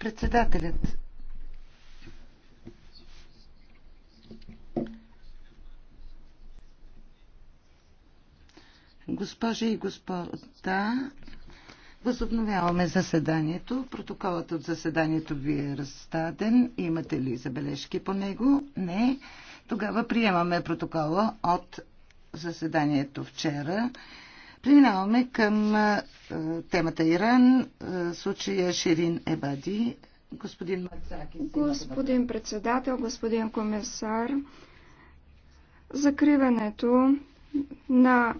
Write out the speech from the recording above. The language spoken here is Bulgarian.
Председателят. Госпожи и господа, възобновяваме заседанието. Протоколът от заседанието ви е разстаден. Имате ли забележки по него? Не. Тогава приемаме протокола от заседанието вчера. Преминаваме към темата Иран, случая Ширин Ебади. Господин Мацаки. Господин председател, господин комисар, закриването на